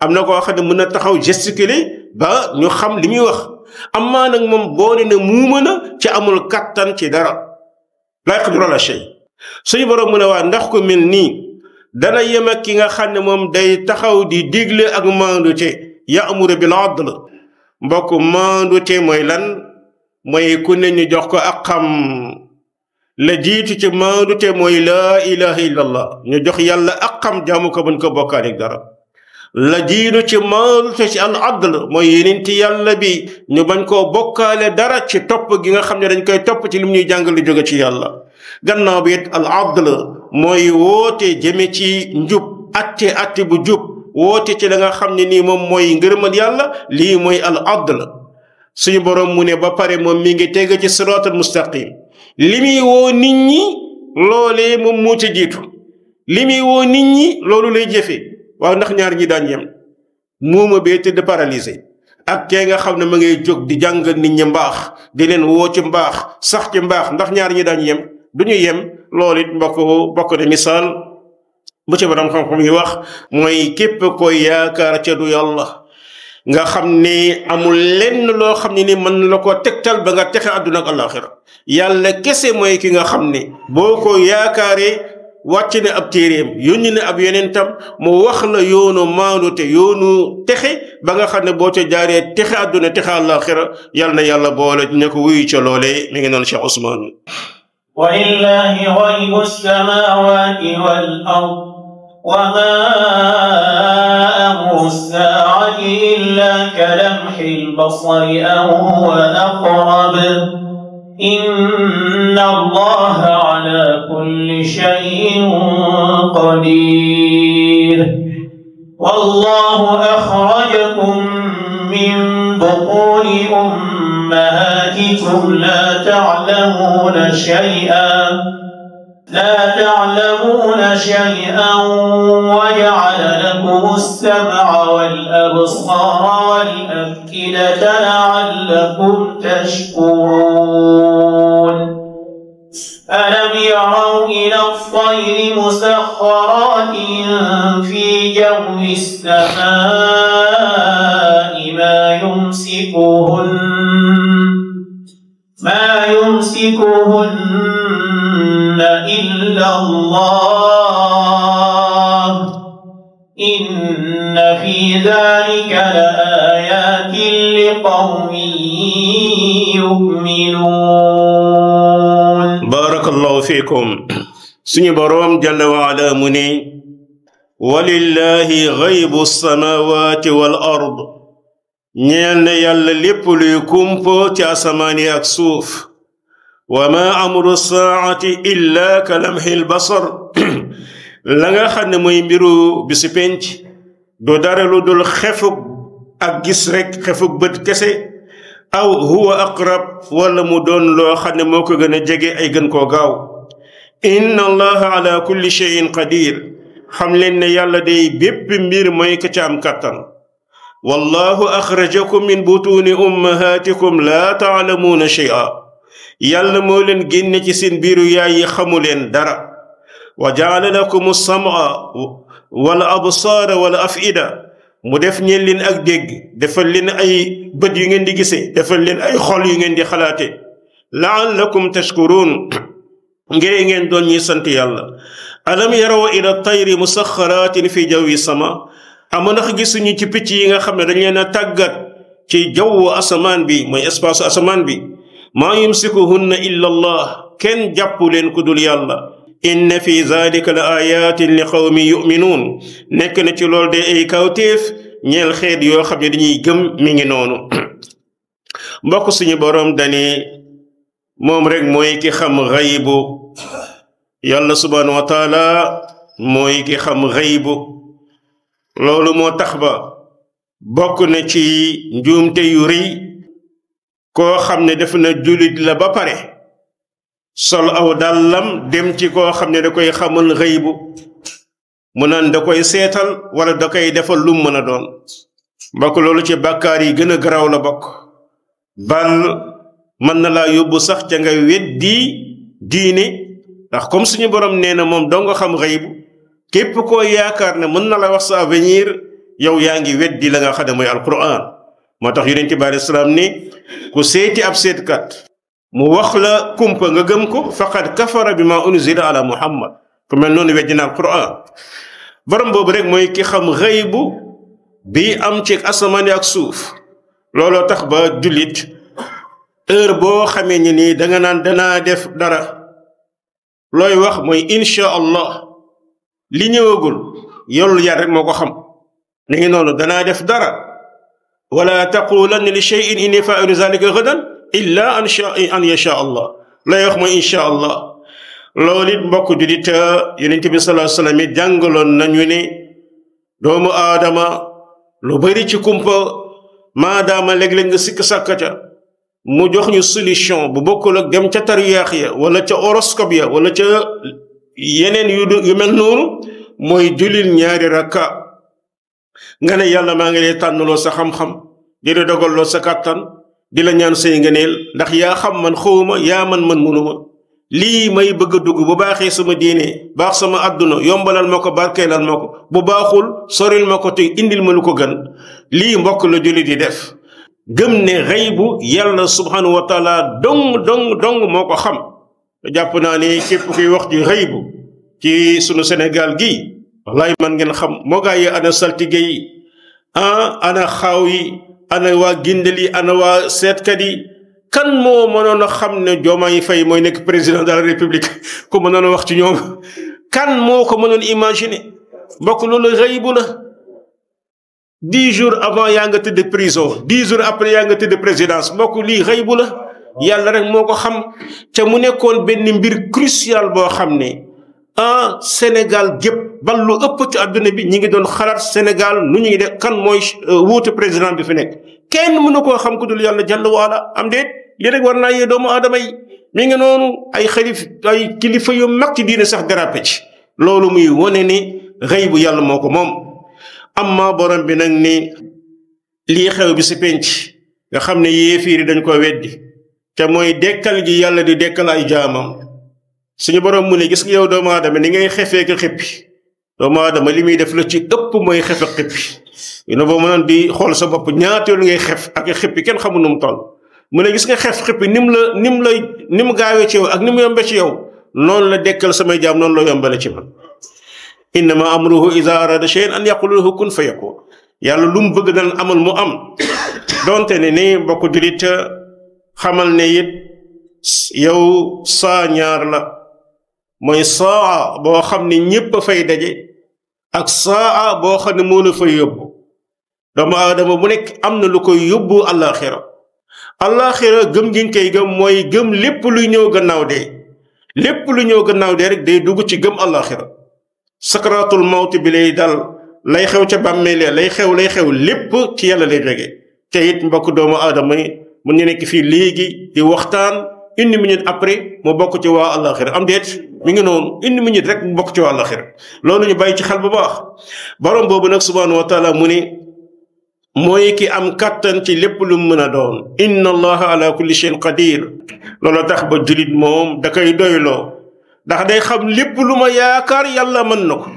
Speaker 2: am na ko xam ne mën na taxaw gesticuler ba ñu xam li muy wax amaa nag moom boo ne ne muuma na ci amul kattan ci dara laa yaqdiru ala shay suñu borom mu ne waa ndax ko mel nii dana yem ki nga xam ne moom day taxaw di digle ak maandute ya'muru bil adl mbokk maandute mooy lan mooy ku ne ñu jox ko ak xam la jiitu ci maandute mooy laa ilaha illallah ñu jox yàlla ak xam jaamu ko buñ ko bokkaaleeg dara la jiitu ci maandute ci al adl mooy ci yàlla bi ñu bañ koo bokkaale dara ci topp gi nga xam ne dañ koy topp ci lim ñuy jàngal lu jóge ci yàlla gannaaw bi it al mooy woote jëme ci njub atte atte bu jub woote ci la xam ne nii moom mooy ngërëmal yàlla lii mooy al adl suñu borom mu ne ba pare moom mi ngi teg ci siraatal mustaqim li muy woo nit ñi loolee moom moo ci jiitu li muy woo nit ñi loolu lay jëfe waaw ndax ñaar ñi daan yem muuma bee tëdd paralysé ak kee nga xam ne ma ngay jóg di jàngal nit ñi mbaax di leen woo ci mbaax sax ci mbaax ndax ñaari ñi daan yem du ñu yem loolu it mbokk bokk ne misaal bu ci borom xam-xam yi wax mooy képp ko yaakaar ca du yàlla nga xam ne amul lenn loo xam ne ni mën na la koo tegtal ba nga texe àdduna ak àllaaxira yàlla kese mooy ki nga xam ne boo ko yaakaaree wàcc ne ab téeréem yónni ne ab yeneen tam moo wax la yoonu maandu te yoonu texe ba nga xam ne boo ca jaaree texe àdduna texe àllaaxira yàlla na yàlla boole ne ko wuyu ca loolee mi ngi noonu Cheikh Ousmane.
Speaker 1: wa lillaahi ghaybu samaawaati wal ard وما أمر الساعة إلا كلمح البصر أو هو أقرب إن الله على كل شيء قدير والله أخرجكم من بطون أمهاتكم لا تعلمون شيئا لا تعلمون شيئا وجعل لكم السمع والأبصار والأفئدة لعلكم تشكرون ألم يروا إلى الطير مسخرات في جو السماء ما يمسكهن ما يمسكهن الله إن في ذلك لآيات لقوم يؤمنون
Speaker 2: بارك الله فيكم سني بروم جل وعلا مني ولله غيب السماوات والأرض ñeel na yàlla lépp luy kumpo ci وما أمر الساعة إلا كلمح البصر لغا خان موي ميرو بسبنت دو دارلو دول خفوك اك غيس ريك خفوك بد كسي او هو اقرب ولا مودون لو خان موكو غنا جيغي اي غن كو غاو ان الله على كل شيء قدير حملن ن يالا دي بيب مير موي كتام كاتان والله اخرجكم من بطون امهاتكم لا تعلمون شيئا yàlla moo leen génne ci seen biiru yaay yi xamu leen dara wa jaala lakum samaa wala absaara wala afida mu def ñeen leen ak dégg defal leen ay bët yu ngeen di gisee defal leen ay xol yu ngeen di xalaate laallakum tashkuruun ngir ngeen doon ñuy sant yàlla alam yaraw ila tayri musaxaraatin fi jawi sama ama ndax gisuñu ci picc yi nga xam ne dañ leen a tàggat ci jawwu asamaan bi mooy espace asamaan bi maa yumsikuhunna illa allah kenn jàppu leen ku dul yàlla inna fi zalika la ayatin li qawmi yuminuun nekk na ci loolu de ay kawtéef ñeel xeet yoo xam ne dañuy gëm mi ngi noonu mbokk suñu boroom dani moom rek mooy ki xam xaybu yàlla subhaanahu wa mooy ki xam xaybu loolu moo tax ba bokk na ci njuumte yu rëy koo xam ne def na jullit la ba pare sol aw lam dem ci koo xam ne da koy xamul xëy bu mu naan da koy seetal wala da koy defal lum mën a doon mbokk loolu ci bàkkaar yi gën a garaaw la bokk bal mën na laa yóbbu sax ca nga weddi diine ndax comme suñu borom nee na moom doo nga xam xëybu képp koo yaakaar ne mën na la wax sa avenir yow yaa ngi weddi la nga xam ne mooy motax tax bari sallam ni ku seeti ab kat mu wax la kumpa nga gëm ko faqad kafara bima unzila ala muhammad ku mel non weddi naa quran borom bobu rek moy ki xam xëybu bi am ci asman ak suuf lolo tax ba julit heure bo xamé ni ni da nga nan dana def dara loy wax moy insha allah li ñëwagul yollu yar rek moko xam ni ngi nonu dana def dara ولا تقولن لشيء اني فاعل ذلك غدا الا ان شاء ان يشاء الله لا يخم ان شاء الله لولي بوك جديتا يونت بي صلى الله عليه وسلم جانغلون نانيو ني ادم لو بيري تي كومبا ما دام ليك ليك سيك ساكاتا مو جوخ ني سوليوشن بو بوك لو گم تي تاريخ يا ولا تي اوروسكوب يا ولا تي يينن يو مل نور موي جوليل نياري ركعه nga ne yàlla maa ngi lay tànnaloo sa xam-xam di la dogaloo sa kàttan di la ñaan say ngëneel ndax yaa xam man xawuma yaa man man munuma lii may bëgg a dugg bu baaxee sama diine baax sama àdduna yombalal ma ko barkeelal ma ko bu baaxul soril ma ko te indil ma lu ko gën lii mbokk la jullit di def gëm ne rëy bu yàlla subhanahu wa taala dong dong dong moo ko xam jàpp naa ne képp kuy wax ci xëy bu ci sunu Sénégal gi wallaay man ngeen xam moo gaa ana saltige yi ah ana xaaw yi ana waa gindeli ana waa seetkat yi kan moo mënoon a xam ne Diomaye fay mooy nekk président de la république ku mënoon a wax ci ñoom kan moo ko mënoon imaginer mbokk loolu rëy bu la jours avant yaa nga tëdd prison dix jours après yaa nga tëdd présidence mbokk lii rëy bu la yàlla rek moo ko xam te mu nekkoon benn mbir crucial boo xam ne en Sénégal gépp ban lu ëpp ci àdduna bi ñu ngi doon xalaat Sénégal nu ngi def kan mooy euh, wuutu président bi fi nekk kenn mënu koo xam ku dul yàlla jàll waala am déet li rek war naa yee doomu aadama yi mi ngi noonu ay xalif ay kilifa yu mag ci diine sax dérapé ci loolu muy wone ni rëy bu yàlla moo ko moom amma borom bi nag ni lii xew bi si penc nga xam ne yéefiiri dañ ko weddi te mooy dekkal gi yàlla di dekkal ay jaamam suñu borom mu ne gis nga yow doomu aadama ni ngay xefee ko xippi doomu aadama li muy def la ci ëpp mooy xef ak xippi yu ma boo mënoon di xool sa bopp ñaata yoon ngay xef ak xippi kenn xamu nu mu toll mu ne gis nga xef xippi ni mu la ni mu ni mu gaawee ci yow ak ni mu yombee ci yow noonu la dekkal samay jaam noonu la yombale ci man innama amruhu ida arada shay'an an yaqulu lahu kun fa yakun yàlla lu mu bëgg nan amal mu am donte ne ni di julit xamal ne it yow saa ñaar la mooy saa boo xam ne ñépp a fay daje ak saa boo xam ne moo la fay yóbbu doomu aadama bu nekk am na lu koy yóbbu àllaaxira àllaaxira gëm ngi koy gëm mooy gëm lépp luy ñëw gannaaw de lépp lu ñëw gannaaw de rek day dugg ci gëm àllaaxira sakaraatul mawti bi lay dal lay xew ca bàmmeele lay xew lay xew lépp ci yàlla lay jóge te it mbokk doomu aadama yi mun ñu nekk fii léegi di waxtaan une minute après mu bokk ci waa àllaaxira am déet mi ngi noonu une minute rek bokk ci wàll xir loolu ñu bàyyi ci xel bu baax borom boobu nag subhanahu wa taala mu ne mooy ki am kàttan ci lépp lu mën a doon inna allaha ala kulli shayin qadir loolu tax ba julit moom da koy doyloo ndax day xam lépp lu ma yaakaar yàlla mën na ko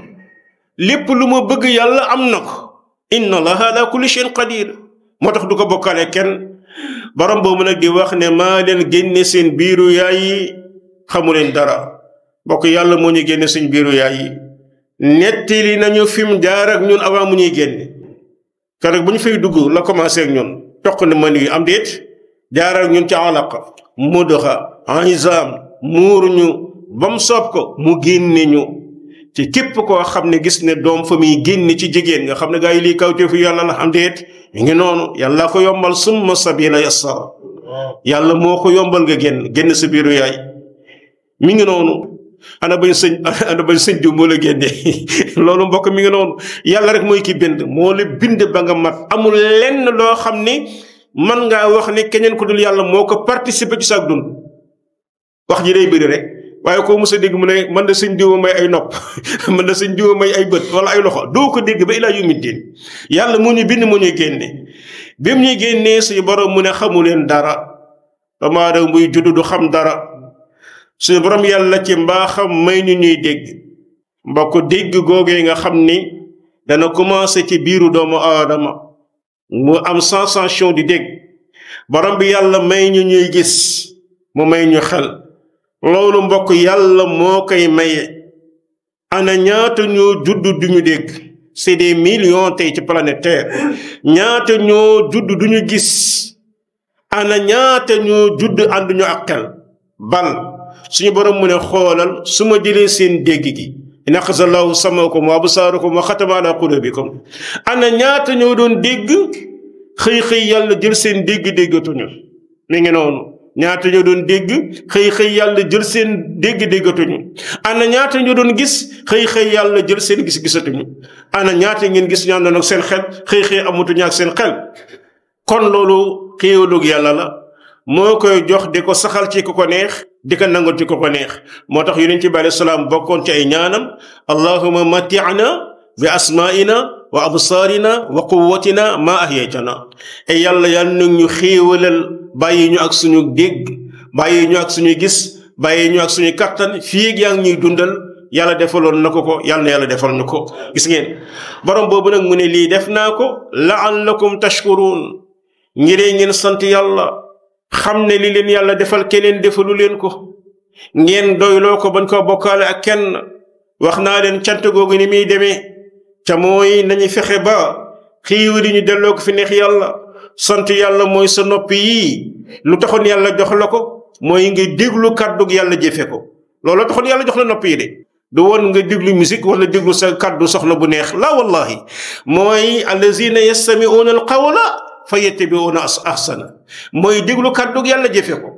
Speaker 2: lépp lu ma bëgg yàlla am na ko inna allaha ala kulli shayin qadir moo tax du ko bokkale kenn borom boobu nag di wax ne maa leen génne seen biiru yaay xamu leen dara bokk yàlla moo ñu génne suñ biiru yaay yi nettali nañu fi mu jaar ak ñun avant mu ñuy génn keroog bu ñu fay dugg la commencé ak ñun toq na mën ni am déet jaar ak ñun ci alaq mudoxa izam muuruñu ba mu soob ko mu génne ñu ci képp koo xam ne gis ne doom fa muy génne ci jigéen nga xam ne gaa yi lii kaw fu yàlla la am déet ñu ngi noonu yàlla ko yombal summa sabila yassara yàlla moo ko yombal nga génn génn sa biiru yaay mi ngi noonu ana bañ sëñ ana bañ sëñ diw moo la génnee loolu mbokk mi ngi noonu yàlla rek mooy kii bind moo la bind ba nga mat amul lenn loo xam ni man ngaa wax ni keneen ku dul yàlla moo ko participer ci saak dund wax ji day bëri rek waaye koo mos dégg mu ne man na sëñ diw may ay nopp mën na sëñ diw may ay bët wala ay loxo doo ko dégg ba ilaa yawmi diin yàlla moo ñu bind moo ñuy génne bi mu ñuy génnee suñu borom mu ne xamu leen dara doomu aadama buy juddu du xam dara suñu borom yàlla ci mbaaxam may ñu ñuy dégg mbokk dégg googee nga xam ni dana commencé ci biiru doomu aadama mu am sensation di dégg borom bi yàlla may ñu ñuy gis mu may ñu xel loolu mbokk yàlla moo koy maye ana ñaata ñoo judd duñu dégg c'est des millions tey ci planète terre ñaata ñoo judd duñu gis ana ñaata ñoo judd ànduñu ak xel bal suñu borom mu ne xoolal su ma jëlee seen dégg gi naqasallahu samakum wa absaarukum wa xatama ala qulubikum ana ñaata ñoo doon dégg xëy xëy yàlla jël seen dégg déggatuñu mi ngi ñaata ñoo doon dégg xëy xëy yàlla jël seen dégg déggatuñu ana ñaata ñoo doon gis xëy xëy yàlla jël seen gis gisatuñu ana ñaata ngeen gis ñaan doon seen xel xëy xëy amatuñu ak seen xel kon loolu xéewalug yàlla la moo koy jox di ko saxal ci ko ko neex di ko nangul ci ko ko neex moo tax yu yonent ci alayhi salaam bokkoon ci ay ñaanam allahuma mati'na bi asma'ina wa absaarina wa quwwatina ma ahyaytana e yàlla yal na ñu xéewalal bàyyi ñu ak suñu dégg bàyyi ñu gis bàyyi ñu ak suñu kattan fii ak yaa dundal yàlla defaloon na ko ko yàlla na yàlla defal ñu ko gis ngeen borom boobu nag mu ne lii def naa ko la'allakum tashkurun ngiree ngeen sant yàlla xamne li len yàlla defal keneen defalu len ko ngeen doylo ko bañ ko bokal ak ken waxna len leen cant googu ni mi deme ca moy nañu fexe ba xiyu di ñu ko fi neex yàlla sant yàlla moy sa nopi yi lu taxone yàlla jox lako moy nga déglu kaddu yàlla jëfe ko lolo taxone yàlla jox la nopi yi de du won nga déglu musique wala déglu sa kàddu soxna bu neex la wallahi moy allazina yastamiuna alqawla فيتبعون أحسن موي ديغلو كادوك يالا جيفيكو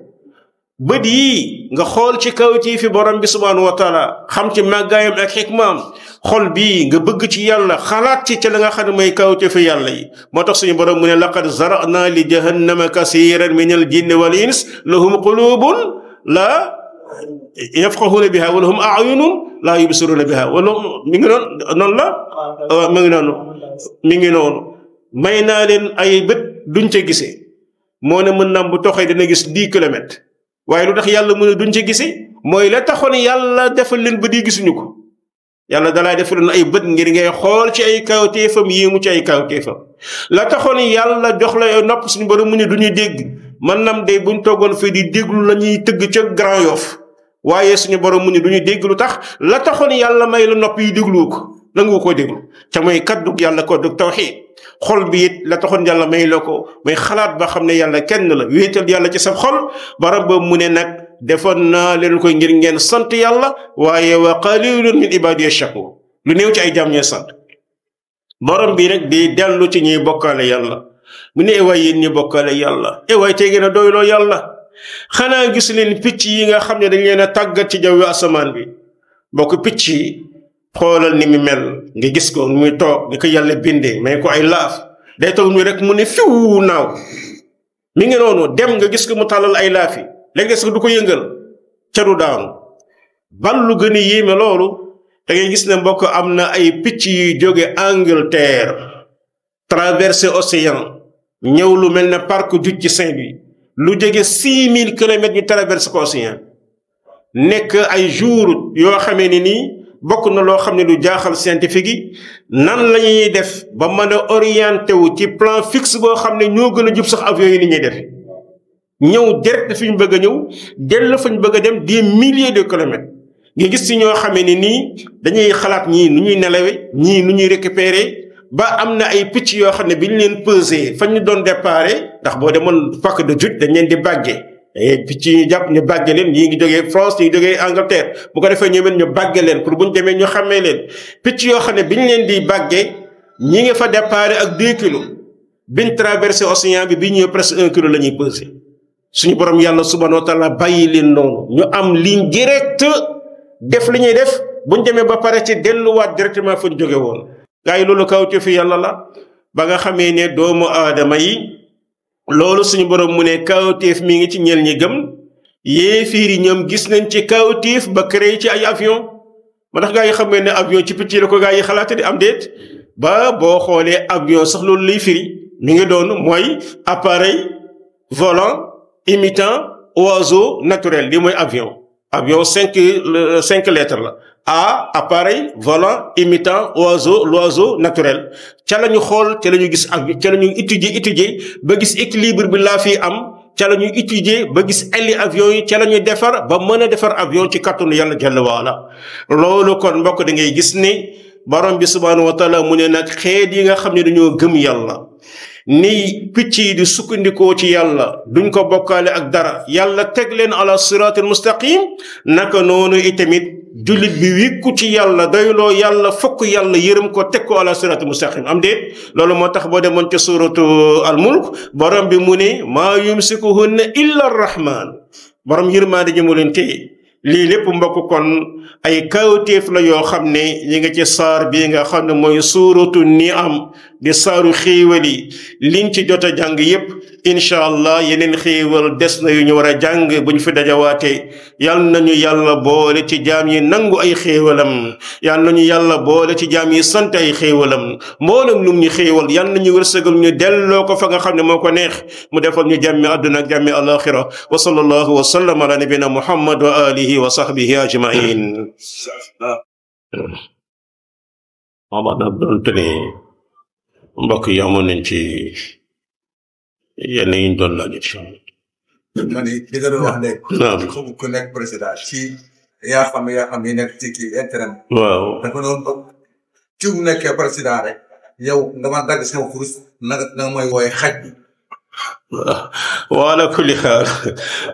Speaker 2: بدي nga xol ci kaw ci fi borom bi subhanahu wa taala xam ci magayam ak hikmam xol bi nga bëgg ci yàlla xalaat ci ci la nga xam ne mooy kaw ci fi yàlla yi motax suñu borom mu ne laqad zara'na li jahannam kaseeran min al jinn wal ins lahum qulubun la yafqahuna biha wa lahum a'yunun la yubsiruna biha wala mi ngi non non la mi ngi noonu mi ngi noonu may naa leen ay bët duñ ca gisee moo ne mën naam bu toxee dina gis dix kilomètres waaye lu tax yàlla mu ne duñ ca gisee mooy la taxoon yàlla defal leen bët yi gisuñu ko yàlla dalaa defaloon ay bët ngir ngay xool ci ay kawteefam yéemu ci ay kawteefam la taxoon yàlla jox la nopp suñu borom mu ne du ñu dégg man nam day buñ toogoon fii di déglu la ñuy tëgg ca Grand yof waaye suñu borom mu ne du dégg lu tax la taxoon yàlla may la nopp yi déglu ko nangu ko déglu ca mooy kaddu yàlla ko dug tawxiid xol bi it la taxoon yàlla may la ko muy xalaat ba xam ne yàlla kenn la wéetal yàlla ci sa xol baram ba mu ne nag defoon naa leen ko ngir ngeen sant yàlla waaye wa qalilun min ibadi shakur lu néew ci ay jaam ñooy sant borom bi rek di dellu ci ñuy bokkaale yàlla mu ne ewaay yéen ñi bokkaale yàlla ewaay tey gën a doyloo yàlla xanaa gis leen picc yi nga xam ne dañ leen a tàggat ci jaww asamaan bi bokk picc yi xolal ni mi mel nga gis ko muy toog ni ko yàlla bindee may ko ay laaf day toog muy rek mu ne fiw naaw mi ngi noonu dem nga gis ko mu tàllal ay laafi léegi sax du ko yëngal ca du daanu ban lu gën a yéeme loolu da ngay gis ne mbokk am na ay picc yi jóge angleterre traversé océan ñëw lu mel ne parc juj ci saint louis lu jóge six mille kilomètres ñu traversé ko océan nekk ay jour yoo xamee ni nii bokk na loo xam ne lu jaaxal scientifique yi nan lañuy def ba mën a orienté wu ci plan fixe boo xam ne ñoo gën a jub sax avion yi ni ñuy def ñëw direct fi ñu bëgg a ñëw dellu fa ñu bëgg a dem des milliers de kilomètres nga gis ci ñoo xamee ne nii dañuy xalaat ñii nu ñuy nelawe ñii nu ñuy récupérer ba am na ay picc yoo xam ne bi ñu leen pesé fa ñu doon déparé ndax boo demoon pakk de jut dañ leen di bàggee picc eh, yi ñu jàpp ñu bàgge leen ñii ngi jógee France ñii ngi jógee Angleterre bu ko defee ñoom it ñu bàgge leen pour bu ñu demee ñu xàmmee leen picc yoo xam ne bi ñu leen di bàggee ñi nga fa départ ak 2 kilos biñ traversé océan bi bi ñëwee presque 1 kilo la ñuy pesé suñu borom yàlla subhanahu wa taala bàyyi leen noonu ñu am ligne directe def li ñuy def buñ demee ba pare ci delluwaat directement fu ñu jóge woon. gars loolu kaw ci fi yàlla la ba nga xamee ne doomu aadama yi. loolu suñu boroom mu ne kawtéef mi ngi ci ñel ñi gëm yéefiir yi ñoom gis nañ ci kawtéef ba créé ci ay avion ma tax gaa yi xam ngeen ne avion ci picc la ko gaa yi xalaate di am déet ba boo xoolee avion sax loolu lay firi mu ngi doon mooy appareil volant imitant oiseau naturel li mooy avion avion cinq euh, cinq lettres la a appareil volant imitant oiseau l'oiseau naturel ca la ñu xool ca la ñu gis ak ca la ñu étudier étudier ba gis équilibre bi laa fi am ca la ñuy étudier ba gis elli avion yi ca la ñuy defar ba mën a defar avion ci kàttanu yàlla jàll waala loolu kon mbokk da ngay gis ni borom bi subhaanahu wa taala mu ne nag xeet yi nga xam ne dañoo gëm yàlla ni picc yi di sukkandikoo ci yàlla duñ ko bokkaale ak dara yàlla teg leen ala siraatil mustaqim naka noonu itamit jullit bi wikku ci yàlla doyloo yàlla fokk yàlla yërëm ko teg ko ala siraatul mustaqim am déet loolu moo tax boo demoon ca suratu al mulk borom bi mu ne maa yumsikuhunna illa rahman borom yërmaande ji mu leen téye lii lépp mbokk kon ay kawtéef la yoo xam ne ñi nga ci saar bi nga xam ne mooy suuratu ni am di saaru xéewal yi liñ ci jot a jàng yépp incha allah yeneen xéewal des na yu ñu war a jàng bu ñu fi dajawaatee yal nañu yàlla boole ci jaam yi nangu ay xéewalam yal nañu yàlla boole ci jaam yi sant ay xéewalam mboolem lum ñu xéewal yal nañu wërsëgal ñu delloo ko fa nga xam ne moo ko neex mu defal ñu jàmmi àdduna ak jàmmi alaxira wa sallallahu wa sallam ala nabina muhammad wa alihi alihi wa sahbihi ajmain waama nag doonte ni mbokk yi amoon nañ ci yenn yi ñu doon laaj man li nga doon wax léegi. naam ku nekk président ci yaa xam yaa xam yi nekk ci kii intérêt waaw dafa doon ci mu nekkee président rek yow nga ma dagg sama kurus nag nag may wooye xaj waaw ala kulli xaal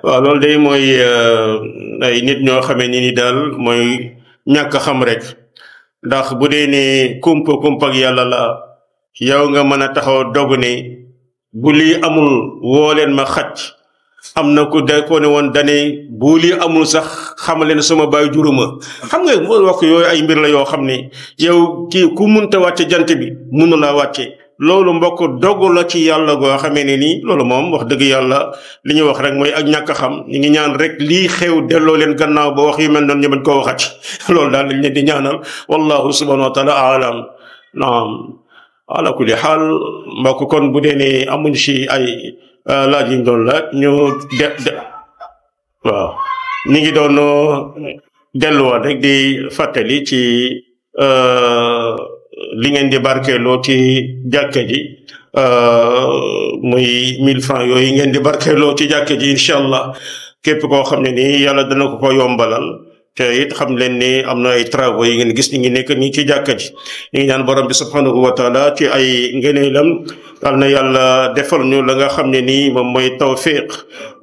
Speaker 2: waaw loolu day mooy euh, ay nit ñoo xamee ni ñi daal mooy ñàkk xam rek ndax bu dee ne kumpa kumpa ak yàlla la yow nga mën a taxaw dog ne bu lii amul woo leen ma xaj am na ku de ko ne woon dane bu lii amul sax xamal leen sama baay juruma xam nga wax yooyu ay mbir la yoo xam ne yow kii ku munta wàcce jant bi munu laa wàcce loolu mbokk dogu la ci yàlla goo xamee ne nii loolu moom wax dëgg yàlla li ñu wax rek mooy ak ñàkk xam ñu ngi ñaan rek lii xew delloo leen gannaaw ba wax yu mel noonu ñu koo waxati loolu daal lañ leen di ñaanal wallahu subhanahu wa taala alam naam ala kulli xaal mbokk kon bu dee amuñ si ay euh, laaj yi ñu doon laaj de de waaw ñu ngi doon euh, delluwaat rek di fàttali ci euh, li ngeen di barkeeloo ci jàkka ji euh, muy 1000 francs yooyu ngeen di barkeeloo ci jàkka ji incha allah képp koo xam ne nii yàlla dana ko ko yombalal te it xam leen ni am na ay travaux yi ngeen gis ñu ngi nekk nii ci jàkka ji ñu ngi ñaan borom bi subhanahu wa taala ci ay ngëneelam yal na yàlla defal ñu la nga xam ne nii moom mooy tawfiq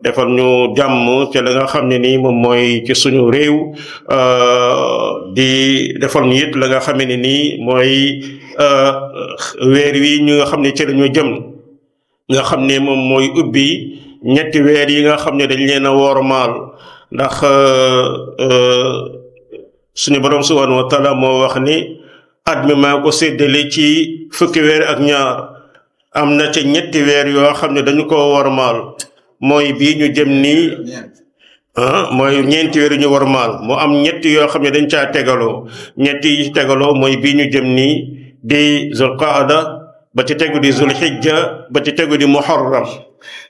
Speaker 2: defal ñu jàmm ci la nga xam ne nii moom mooy ci suñu réew euh, di defal ñu it la nga xam ne nii mooy euh, weer wi ñu nga xam ne ci la ñu jëm nga xam ne moom mooy ubbi ñetti weer yi nga xam ne dañ leen a wormaal ndax euh, suñu borom subhanahu wa taala moo wax ni at mi maa ko séddale ci fukki weer ak ñaar am na ci ñetti weer yoo xam ne dañu ko warmaal mooy bii ñu jëm nii ah mooy ñeenti weer ñu warmaal mu am ñetti yoo xam ne dañ caa tegaloo ñetti tegaloo mooy bii ñu jëm ni di zulqaada ba ci tegu di zulxijja ba ci tegu di muharram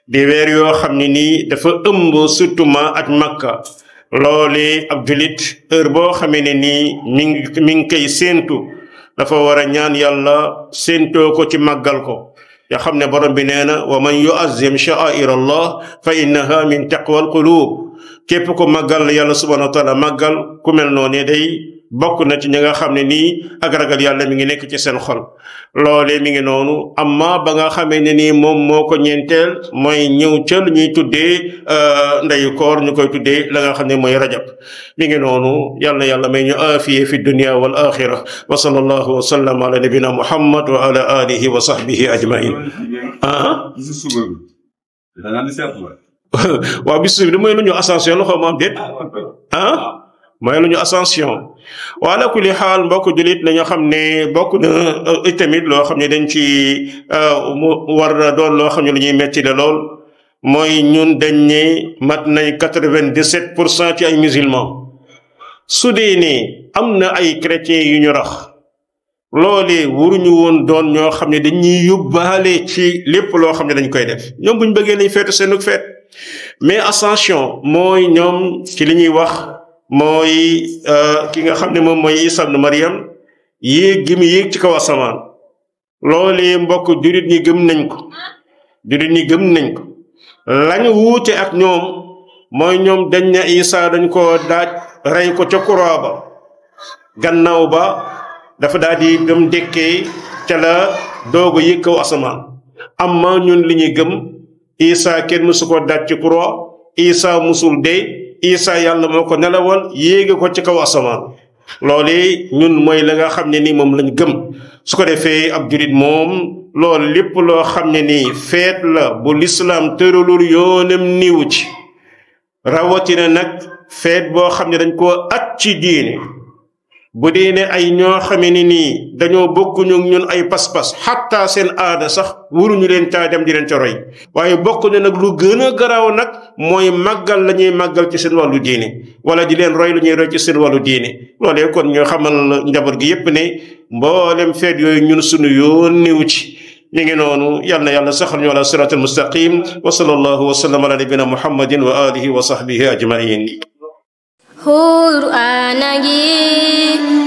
Speaker 2: di weer yoo xam ne nii dafa ëmb surtout ma ak makka loole ab julit eur boo xamee ne nii mi ngi koy séentu dafa war a ñaan yàlla séentoo ko ci màggal ko يا خمنا برم بنانا ومن يؤذم شعائر الله فإنها من تقوى القلوب كيفكم مقال يا الله سبحانه وتعالى مقال كمل نوني يدي bokk na ci ñi nga xam ne nii ak yàlla mi ngi nekk ci seen xol loolee mi ngi noonu amma ba nga xamee ne nii moom moo ko ñeenteel mooy ñëw ca lu ñuy tuddee euh, ndeyu koor ñu koy tuddee la nga xam ne mooy rajab mi ngi noonu yàlla yàlla may ñu aafiye fi dunya wal axira wa sallallahu wa sallam ala nabina muhammad wa ala alihi wa sahbihi ajmain ah waaw bis bi mooy lu ñu ascension la xaw ma am déet ah, ah mooy lu ñu ascension wala kulli xaal mbokk jullit nañu xam ne bokk na itamit euh, loo xam ne dañ ci euh, war a doon loo xam ne lu ñuy metti la lool mooy ñun dañ ne mat nañ quatre-vingt-dix-sept pour cent ci ay musulmans su dee ne am na ay chrétiens yu ñu rax loolee wuruñu woon doon ñoo xam ne dañuy yóbbaale ci lépp loo xam ne dañ koy def ñoom buñ bëggee nañ feetu seenuk feet mais ascension mooy ñoom ci li ñuy wax mooy euh, ki nga xam ne moom mooy Isa ibn Maryam yéeg gi ci kaw asamaan loolee mbokk jurit ñi gëm nañ ko jurit ñi gëm nañ ko lañu wuute ak ñoom mooy ñoom dañ ne Isa dañ ko daaj rey ko ca croix ba gannaaw ba dafa daal di dem dëkkee ca la doog yi kaw asamaan amma ñun li ñuy gëm Isa kenn mësu ko daaj ci croix Isa mësul dee Isa yàlla moo ko nelawal yéege ko ci kaw asamaan loolu ñun mooy la nga xam ne ni moom lañu gëm su ko defee ab julit moom loolu lépp loo xam ne nii feet la bu lislaam tëralul yoonam niwu ci rawatina nag feet boo xam ne dañ ko at ci diine bu dee ne ay ñoo xamee ne nii dañoo bokkuñu ñun ay pas-pas xatta seen aada sax waruñu leen caa dem di leen ca roy waaye bokkuñu nag lu gën a garaaw nag mooy màggal la ñuy màggal ci seen wàllu diine wala di leen roy lu ñuy roy ci seen wàllu diine loolee kon ñoo xamal njaboot gi yépp ne mboolem feet yooyu ñun suñu yoon niw ci ñu ngi noonu yal na yàlla saxal ñu ala siraat al mustaqim wa sallallahu wa sallam ala nabina muhammadin wa alihi wa sahbihi ajmain
Speaker 1: hur anagi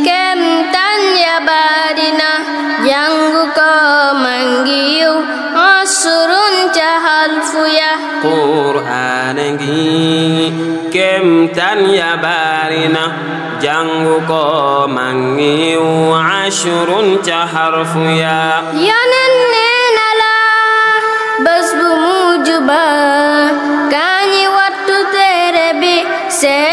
Speaker 1: kem tan ya badina yangu ko manggiu asurun jahal fuya
Speaker 2: qur'anagi kem tan ya barina janggu ko manggiu asurun jahar fuya
Speaker 1: yanan nenala basbu mujuba kani waktu terebi se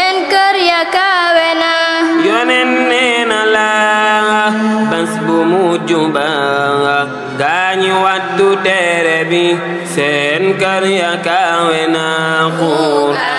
Speaker 2: سين كريكا ونا قرآن